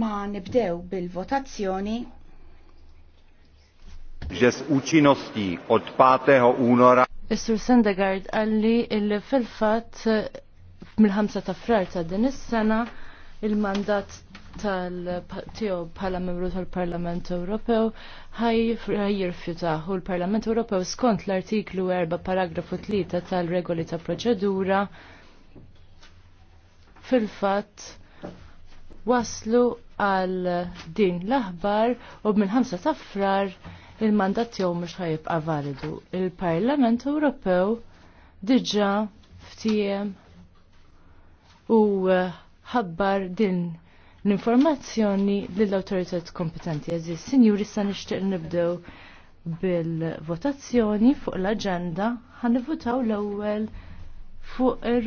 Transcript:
ma nibdew bil-votazzjoni. Ġes uċinosti od 5 unora. Is-Sur Sendegard għalli illi fil-fat mill-5 ta' frar ta' din is-sena il-mandat tal-tiegħu bħala membru tal-Parlament Ewropew ħaj u l-Parlament Ewropew skont l-artiklu 4 paragrafu 3 tal-regoli ta' proċedura fil-fatt waslu għal din l-aħbar u minn 5 ta' frar il-mandat tiegħu mhux ħajibqa' validu. Il-Parlament Ewropew diġà ftiem u ħabbar din l-informazzjoni lill awtoritajiet kompetenti eżis. Sinjuri sa nixtieq nibdew bil-votazzjoni fuq l-aġenda ħanivutaw l-ewwel fuq ir